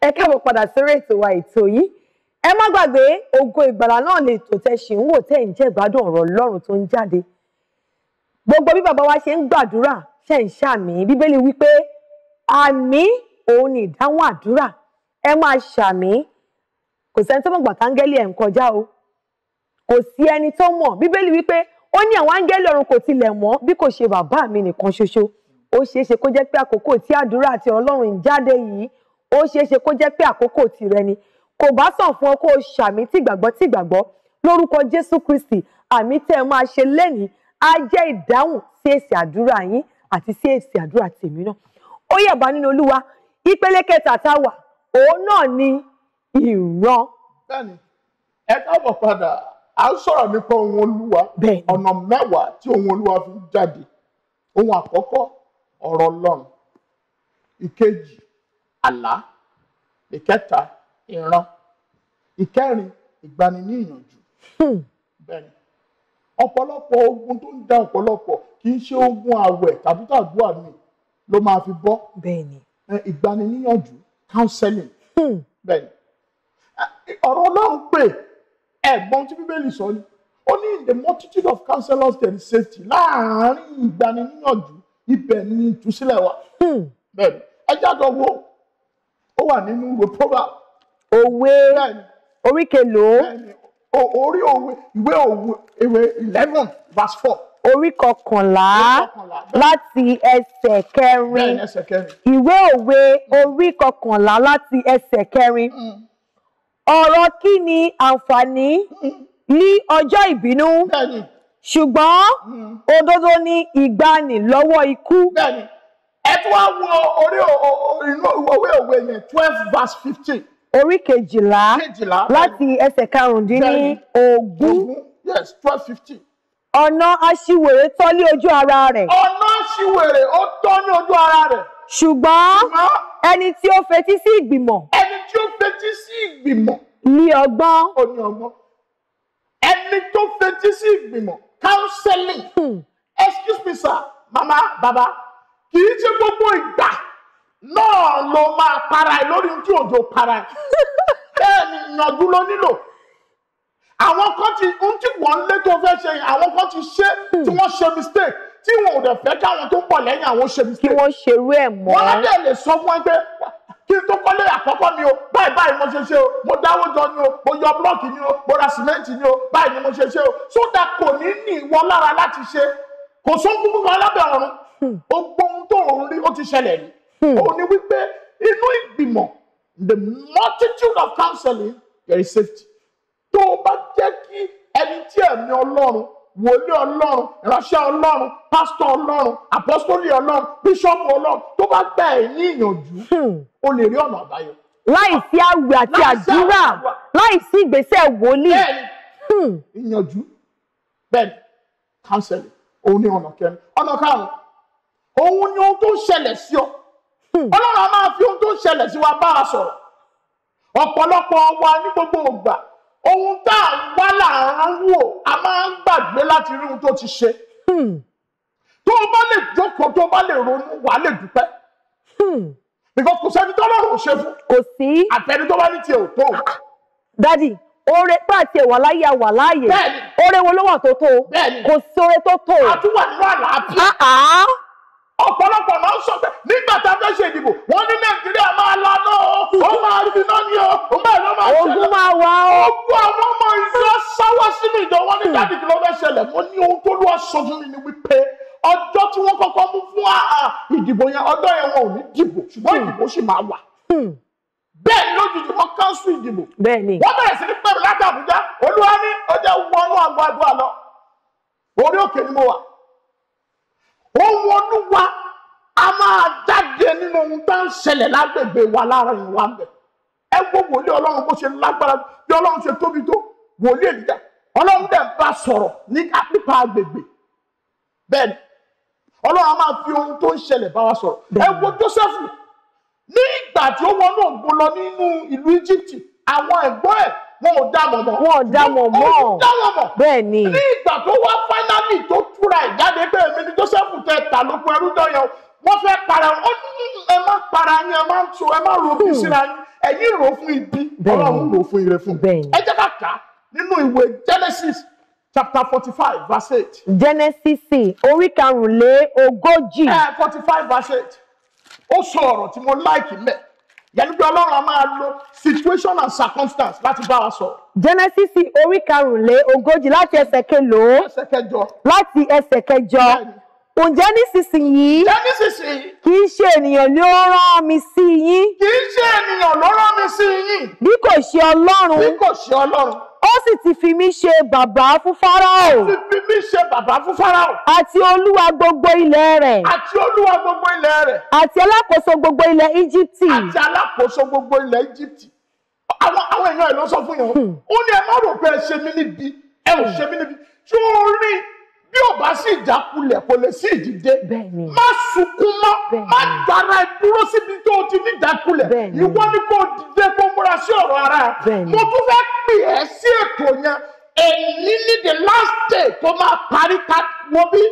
ẹ káàbọ̀ padà sórí ètò wa ètò yìí ẹ má gbàgbé ògo ìgbàlà náà lè tò tẹ ṣì ń wò tẹ ń jẹ ìgbádùn ọ̀rọ̀ Ọlọ́run tó ń jáde gbogbo bí bàbá wa ṣe ń gbàdúrà ṣe ń ṣàmì bíbélì wípé àmì òun ni ìdáhùn àdúrà ẹ máa ṣàmì kò sẹ́ni tó mọ̀ gbà káńgẹ́lì ẹ̀ ń kọjá o kò sí ẹni tó mọ̀ bíbélì wípé ó ní àwọn áńgẹ́lì ọ̀run kò tilẹ̀ mọ̀ bí kò ṣe bàbá mi nìkan ṣoṣo ó ṣeé kó jẹ́ pé àkókò tí àdúrà àti Ọlọ́run ń jáde yìí ó ṣeé ṣe kó jẹ́ pé àkókò tìrẹ ni kò bá sàn fún ọ kó o ṣàmì tí ìgbàgbọ́ tí ìgbàgbọ́ lórúkọ Jésù Kristi àmì tẹ́ ẹ máa ṣe lẹ́nìí á jẹ́ ìdáhùn sí èsì àdúrà yín àti sí èsì àdúrà tèmi náà ó yẹ bá nínú Olúwa ìpele kẹta tá a wà òun náà ni ìran. bẹ́ẹ̀ni ẹ káàbọ̀ padà à ń sọ̀rọ̀ nípa ohun Olúwa ọ̀nà mẹ́wàá tí ohun Olúwa fi jáde ohun àkọ́kọ́ ọ̀rọ̀ Ọlọ́run ìkejì àlá ìkẹta ìran ìkẹrin ìgbaniníyànjú hmm. bẹ́ẹ̀ni ọ̀pọ̀lọpọ̀ ogun tó ń da ọ̀pọ̀lọpọ̀ kì í ṣe ogun àwẹ̀ tàbí tàdúrà mi ló máa fi bọ́ bẹ́ẹ̀ni ìgbaniníyànjú counseling hmm. bẹ́ẹ̀ni ọ̀rọ̀ Ọlọ́run pé ẹ̀gbọ́n tí bíbélì sọ ni ó ní the multitude of counselors there is safety láàárín ìgbaniníyànjú ibẹ̀ ni ìtúsílẹ̀ wà hmm. bẹ́ẹ̀ni ẹ jáde wo wà nínú ìwé proverb. òwe orí kelòó. orí òwe ìwé òwe ìwé eleven verse four orí kọkànlá láti ẹsẹ̀ kẹrin ìwé òwe orí kọkànlá láti ẹsẹ̀ kẹrin mm. ọ̀rọ̀ kí ni àǹfààní mm. ní ọjọ́ ìbínú ṣùgbọ́n mm. òdodo ni ìgbani lọ́wọ́ ikú ẹ tún wá wo orí inú òwe òwe yẹn twelve verse fifteen. orí kejìlá láti ẹsẹ̀ karùndínní ogún. yes twelve fifteen. ọ̀nà aṣiwèrè tọ́ ní ojú ara rẹ̀. ọ̀nà aṣiwèrè ó tọ́ ní ojú ara rẹ̀. ṣùgbọ́n ẹni tí ó fetí sí ìgbìmọ̀. ẹni tí ó fetí sí ìgbìmọ̀. ní ọgbọ́n. ó ní ọgbọ́n. ẹni tó fetí sí ìgbìmọ̀ counseling. Hmm. excuse me sir mama baba kì í ṣe gbogbo ìgbà náà ló máa para ẹ lórí tí òjò para ẹ bẹ́ẹ̀ ni ìyànjú ló nílò àwọn kan ti ń tí wọ́n lé tó fẹ́ ṣe yẹn àwọn kan ti ṣe tí wọ́n ṣe mistake tí wọn ò dẹ̀ fẹ́ káwọn tó ń bọ̀ lẹ́yìn àwọn ṣe mistake. kí wọ́n ṣerú ẹ̀ mọ́. wọ́n á lè sọ fún ẹ pé kí n tó kọ́lé àkọ́kọ́ mi o báyìí báyìí mo ṣe ṣe o mo dáwó jọ ni o mo yọ búlọ́ọ̀kì ni o mo ra sìmẹ́ǹtì ni o báyìí ni mo ṣe ṣe o sódà kò ní ní ìwọ lára láti ṣe kò sóńkú fún wọn lábẹ́ ọ̀run gbogbo ohun tó ń rí ó ti ṣẹlẹ̀ rí òun hmm. ni wípé inú ìgbìmọ̀ the multitude of counseling there safety tó o bá jẹ́ kí ẹni tí ẹ̀mí ọlọ́run wòlíì ọlọ́run ìránṣẹ́ ọlọ́run pásítọ̀ ọlọ́run àpọ́sítọ́lì ọlọ́run bíṣọ́ọ̀bù ọlọ́run tó bá gbà ẹ̀ ní ìyànjú hmm. o lè rí ọ̀nà àbáyọ. láìsí àwẹ̀ àti àdúrà láìsí ìgbésẹ̀ wòlíì. bẹ́ẹ̀ni hmm. ìyànjú bẹ́ẹ̀ni counseling òun ni ọ̀nà kẹrin ọ̀nà karùn-ún òun ni ohun tó ń ṣẹlẹ̀ sí ọ hmm. ọlọ́run a máa fi ohun tó ń ṣẹlẹ̀ sí wa bá a sọ̀rọ̀ ọ̀pọ̀lọpọ̀ wa ní gbogbo ògbà ohun tá à ń wá là wò a máa ń gbàgbé láti rí ohun tó ti ṣe hmm. tó o bá lè jókòó tó o bá lè ronú wàá lè dúpẹ́ hmm. because kò sẹ́ni tó lọ́rùn ṣe fún kò sí àtẹni tó bá ní tiẹ̀ ò tó. Ah, ah. dadi oore pé àti ẹ̀wà láyé àwà láàyè oore wo ló wà tó tó kò sí oore tó tó. a tún nínú àlàáfíà. Ah, ọ̀pọ̀lọpọ̀ náà sọ pé nígbà tá a fẹ́ ṣe ìdìbò wọ́n ní nàìjíríà máa lanà o ó máa rí iná ní o ó máa lọ máa ṣẹlẹ̀ ogun máa wà o. ogun àwọn ọmọ ìlú sáwọ́ sínú ìjọ wọn ní dáàdì kí ló fẹ́ ṣẹlẹ̀ wọ́n ní ohun tó lù aṣojú mi ni wípé ọjọ́ tí wọ́n kọ́kọ́ mú fún ìdìbò yẹn ọjọ́ yẹn wọn ò ní dìbò ṣùgbọ́n hmm. ìdìbò sì máa wà hmm. bẹ́ẹ̀ lójijì wọ́n kánṣu ìdìbò wọ́n bẹ̀rẹ̀ sí ní pẹ̀lú láti àbújá olúwa ní ọjà wọnú àgbàdo ni mo wà ohun olúwa a máa jáde nínú ohun tó ń ṣẹlẹ̀ lágbègbè wa lára ìwà ń bẹ̀ ẹ wo wòlíì ọlọ́run bó ṣe lágbára bí ọlọ́run ṣe tóbi tó wòlíì èdìjà ọlọ́run dẹ̀ bá sọ̀rọ̀ ní nípa agbègbè bẹ́ẹ̀ ni ọlọ́run a máa fi ohun tó ń ṣẹlẹ̀ bá wa sọ̀rọ̀ ẹ wo Joseph ní ìgbà tí ó wọnú ògbó lọ nínú ìlú Egypt àwọn ẹ̀gbọ́n ẹ̀ wọn ò dá mọ̀ mọ́. wọn ò dá mọ̀ mọ́. wọn ò dá mọ̀ mọ́. bẹ́ẹ̀ ni. ní ìgbà tó wá fáínálì tó túra ìjáde bẹ́ẹ̀ mi ni Joseph tẹ ta lóko ẹrú dọ́yọ̀ wọ́n fẹ́ para ó ní ẹ má para yín ẹ má tu ẹ má ro bí hmm. síra yín ẹ̀yin rò fún ibi ọlọ́run rò fún ire fún ẹ jẹ́ ká kà á nínú ìwé Genesis chapter forty five verse eight. Genesis orí karùnlélógójì. ẹ eh, forty five verse eight ó sọ ọ̀rọ̀ tí mo láìkì mẹ́ yẹnu bí ọlọ́run a máa lo situation and circumstance láti bá wa sọ̀rọ̀. Genesis orí karùnlélógójì láti ẹsẹ̀ kelòó láti ẹsẹ̀ kẹjọ ǹjẹ́ nísinsìnyí. ǹjẹ́ nísinsìnyí. kì í ṣe ènìyàn ló rán mi sí yín. kì í ṣe ènìyàn ló rán mi sí yín. bí kò ṣe ọlọ́run. bí kò ṣe ọlọ́run. ó sì ti fi mí ṣe bàbá fún fáráò. ó sì fi mí ṣe bàbá fún fáráò. àti olúwa gbogbo ilẹ̀ rẹ̀. àti olúwa gbogbo ilẹ̀ rẹ̀. àti alákòóso gbogbo ilẹ̀ íjíbítì. àti alákòóso gbogbo ilẹ̀ íjíbítì. àwọn àwọn èèyàn ẹ̀ ló sọ fún yẹn. Hmm. ó ní ẹ má rò pé ẹ ṣe mí níbi ẹ ò hmm. ṣe mí níbi. tí ó rí bí ò bá sì jákulẹ̀ kò lè sí ìdìde má sunkún mọ́ má dára dúró síbi tó ti ní ìjákulẹ̀ ìwọ ni kò dìde kó múra sí ọ̀rọ̀ ara ẹ mo tún fẹ́ pè ẹ́ sí ètò yẹn èyí ní the last day tó máa parí ká wọ́n bí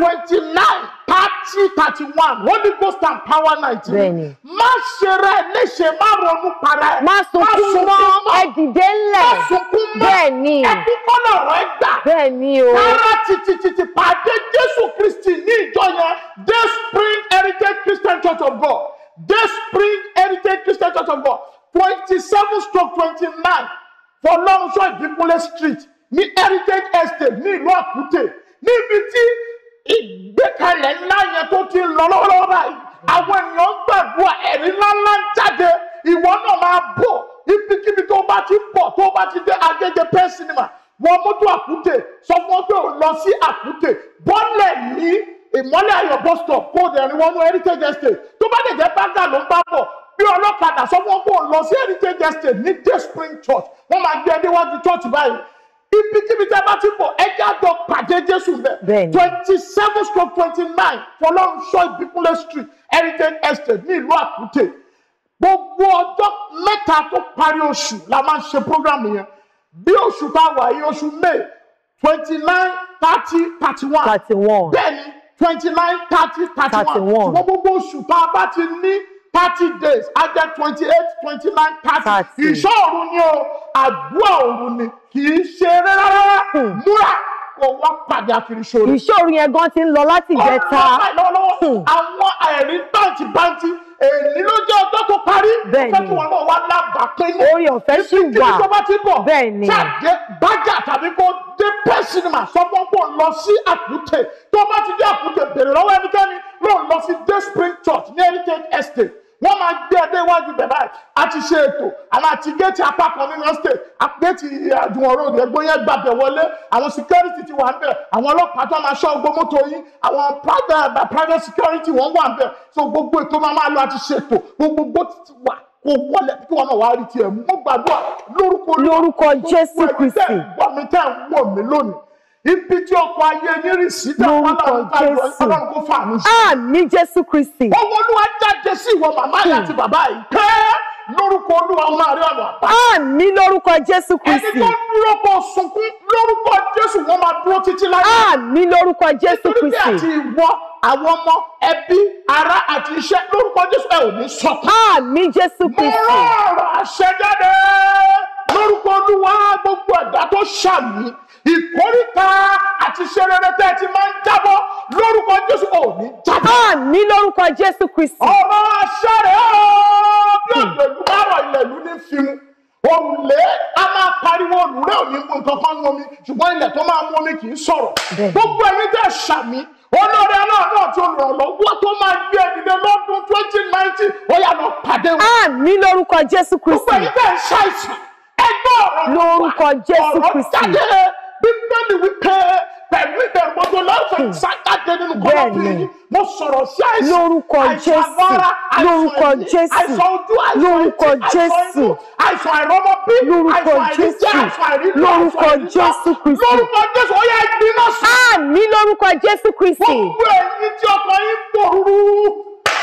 twenty-nine thirty thirty-one holy ghost and power nineteen. má ṣe rẹ léṣe má ronú para ẹ. má sunkún mọ́ ẹ dìde má sunkún mọ́ bẹ́ẹ̀ ni. ẹkún rẹ gbà. bẹ́ẹ̀ o. sára tìtìtìtì pàdé jésù kristi ní ìjọ yẹn day spring heritage christian church of god day spring heritage christian church of god twenty-seven stroke twenty-nine for longshore ìbíkúnlé street ní heritage estate ní ìlú àkúté níbi tí ìgbékalẹ̀ ńlá yẹn tó ti ń lọ lọ́wọ́lọ́wọ́ báyìí àwọn èèyàn gbàdúrà ẹ̀rí ńláńlá ń jáde ìwọ náà máa bọ̀ ibikíbi tó bá ti bọ̀ tó bá ti dé agége pẹ́ sinima wọ mọ́tò àkúté sọ fún ọ pé ò lọ sí àkúté bọ́lẹ̀ ní ìmọ́lẹ̀ ayọ̀ bus stop kó dẹ̀ ní heritage estate tó bá dẹ̀ jẹ́ ló ń bá bọ̀ bí ọlọ́kadà sọ fún pé ò lọ sí heritage estate ní day spring church wọ́n máa gbé ẹ church báyìí ibi tíbi tẹ́ bá ti pọ̀ ẹjẹ́ àjọ pàdé Jésù bẹ́ẹ̀ twenty seven stroke twenty nine Fọlọ́runṣọ́ Ìbíkúnlé street Heritage Estate ní ìlú Àkúté gbogbo ọjọ́ mẹ́ta tó parí oṣù la máa ń ṣe program yẹn bí oṣù tá a wà yìí oṣù May twenty nine thirty thirty one thirty one bẹ́ẹ̀ ni twenty nine thirty thirty one ṣùgbọ́n gbogbo oṣù tá a bá ti ní thirty days ajẹ́ twenty eight twenty nine thirty ìṣọ́ òru ni o àdúrà òru ni kì í ṣe rárá hmm. múra kò wá pàdé àfirisore. ìṣọ́ òru yẹn gan ti ń lọ láti ìjẹta. ọlọ́pàá ìlọ́wọ́lọ́wọ́ hmm. àwọn ẹ̀rí bántí bántí èyí ló jẹ́ ọjọ́ tó parí. bẹ́ẹ̀ni fẹ́ kí wọn náà wá lábàá pé ní. orí ọ̀fẹ́ sì wà kí ìjọba ti bájà tàbí kó dé pẹ́ sinima lọ sí àkútè tó bá ti dé àkútè bèrè lọ́wọ́ ẹnikẹ́ni ló lọ sí day spring church ní heritage estate wọ́n máa gbé ẹdẹ iwájú bẹ̀ báyìí a ti ṣe ètò aláti géètì apapọ̀ nínú state géètì eh, àdùnwọ̀n road ẹgbẹ́ yẹn gbàbẹ̀ wọlé àwọn security ti wà ń bẹ̀ àwọn ọlọ́pàá tó máa ṣọ́ gbogbo mọ́tò yín àwọn private eh, security wọ́n wà ń bẹ̀ so gbogbo ètò máa máa lọ àti ṣètò gbogbo ti wà kò wọlé kí wọn náà wá rí tiẹ̀ mú gbàdúrà lórúkọ lórúkọ Jésù Kristi ibi tí ọkọ̀ ayé yín rì sí dáhùn ọlọ́run kó fàánù sí. àmín jésù kristi. owó olúwa jáde sí ìwọ màmá yìí àti hmm. bàbá yìí pé lórúkọ olúwa ọmọ àrí ọ̀nà àpá. àmì lórúkọ jésù kristi. ẹni tó dúró kó sunkún lórúkọ jésù wọn máa dúró títí láyé. àmì lórúkọ jésù kristi. nítorí bí àti ìwọ àwọn ọmọ ẹbí ará àti iṣẹ́ lórúkọ jésù ẹ ò ní sọkún. àmì jésù kristi. mo rọrọ àṣẹ ìkóríta àti ṣe rere tẹ́ ẹ ti máa ń jábọ́ lórúkọ Jésù ò ní jábọ́. a ní lórúkọ Jésù Kristi. ọ̀rọ̀ àṣẹ rẹ̀ ọ́ bí òjòjú bá rọ̀ ilẹ̀ lù ní fimu òrùlé a máa pariwo òrùlé ò ní mú nǹkan kan mú omi ṣùgbọ́n ilẹ̀ tó máa mú omi kì í sọ̀rọ̀ gbogbo ẹni tẹ́ ṣàmì olórí aláàánú àti olùrànlọ́wọ́ tó máa gbé ẹ̀dìdẹ lọ́dún twenty nineteen ó yá lọ pàdé wọn. àmì lórúkọ Jésù Kristi. gbogbo ẹni tẹ́ ṣàìsàn ẹgbẹ́ ọ̀rọ̀ lórúkọ Jésù Kristi. ọ̀rọ̀ jáde bíbélì wípé pẹ̀lú ìbẹ̀rùmọ́tò láwùjọ sátidé nínú kọ́lọ́fì yìí mo sọ̀rọ̀ sí àìsàn lórúkọ Jésù lórúkọ Jésù lórúkọ Jésù àìsàn àìrọ́mọbí lórúkọ Jésù lórúkọ Jésù Kristi lórúkọ Jésù ó yẹ gbiná sí. àmì lórúkọ Jésù Kristi. wọ́n gbé ẹni tí ọkọ yín pòrúurú.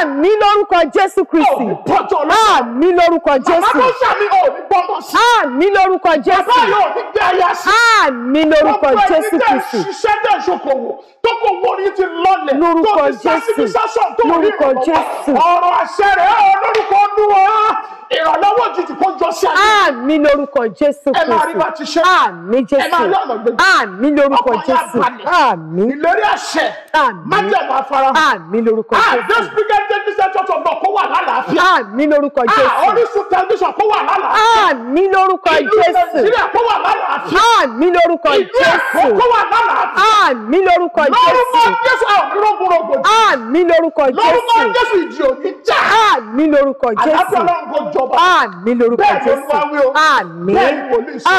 àmì lórúkọ Jésù Kristi oh, àmì oh, lórúkọ Jésù àmì lórúkọ Jésù àmì lórúkọ Jésù Kristi lórúkọ Jésù lórúkọ Jésù ọ̀rọ̀ àṣẹ rẹ̀ oh, lórúkọ Olúwa ìrànlọ́wọ́ òjijì kó jọ sí àmì lórúkọ Jésù Kristi àmì Jésù àmì lórúkọ Jésù àmì ìlérí àṣẹ májèmọ afárá àmì lórúkọ ah, Jésù àdéhùn spíkẹ́ jẹ́jú sẹ́jọ́ tó lọ kó wà lálàáfíà àmì lórúkọ ah, Jésù orísun tẹlifíṣàn kó wà lálàáfíà àmì lórúkọ Jésù ìlú Nàìjíríà kó wà lálàáfíà àmì lórúkọ Jésù ìlú Èkó kó wà lálàáfíà àmì lórúkọ Jésù lórúkọ Jésù àwọn àmì lórúkọ jésù lórúkọ jésù ìjì òní jà àmì lórúkọ jésù àlàáfíà ọlọ́run kò jọba àmì lórúkọ jésù àmì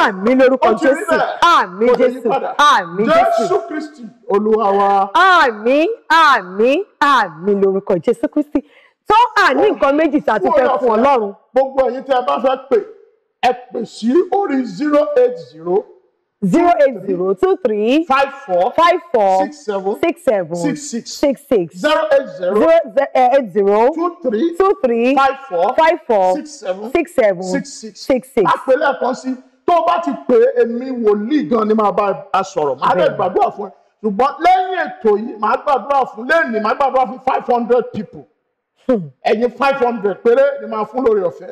àmì lórúkọ jésù àmì jésù àmì jésù kristi olúwa wa. àmì àmì àmì lórúkọ jésù kristi tó àní oh, nǹkan méjì tá a ti fẹ́ fún ọlọ́run. gbogbo ẹ̀yin tí a bá fẹ́ pè ẹ pè sí orí zero eight zero zero eight zero two three five four five four six seven six seven six six six six zero eight zero zero eight zero two three two three five four five four six seven six seven six six six six. àpèlé ẹ̀kan sí tó o bá ti pè é èmi wòlíì gan ni màá bá a sọ̀rọ̀ màá dẹ̀ gbàdúrà fún ẹ ṣùgbọ́n lẹ́yìn ètò yìí màá gbàdúrà fún lẹ́yìn màá gbàdúrà fún five hundred people ẹ̀yin five hundred péré ni màá fún lórí ọ̀fẹ́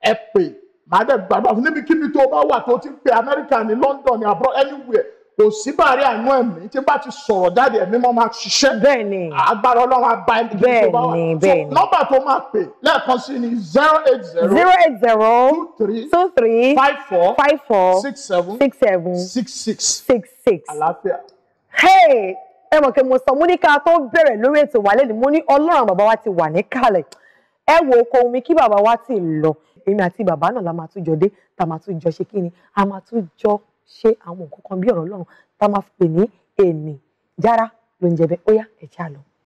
ẹ pè é màá dẹ̀ gbàdúrà fún níbikíbi tó bá wà tó ti ń pe amẹ́ríkà ní london ní abroad anywhere kò sí bàárẹ̀ àánú ẹ̀mí tí bá ti sọ̀rọ̀ jáde ẹ̀mí mọ́ máa ṣiṣẹ́ bẹ́ẹ̀ni agbára ọlọ́run àbá ẹni kí n tó bá wà so nọ́mbà tó máa pè lẹ́ẹ̀kan sí ni zero eight zero zero eight zero two three two three five four five four six seven six seven six six six six àlàáfíà. ẹ mọ̀ kí mo sọ mo ní ká tó bẹ̀rẹ̀ lórí ètò wa lẹ́nu mo ní ọlọ́run bàbá wa ti wà níkàlẹ̀ ẹ wo okòwò mi kí bàbá wa ti lọ èmi àti bàbá náà la máa tún jọ dé tá a máa tún jọ ṣe kí ni a máa tún jọ ṣe àwọn nǹkan kan bí ọ̀rọ̀ Ọlọ́run tá a máa pè ní ènìjára ló ń jẹ bẹ́ẹ̀ ó yá ẹ̀ já lọ.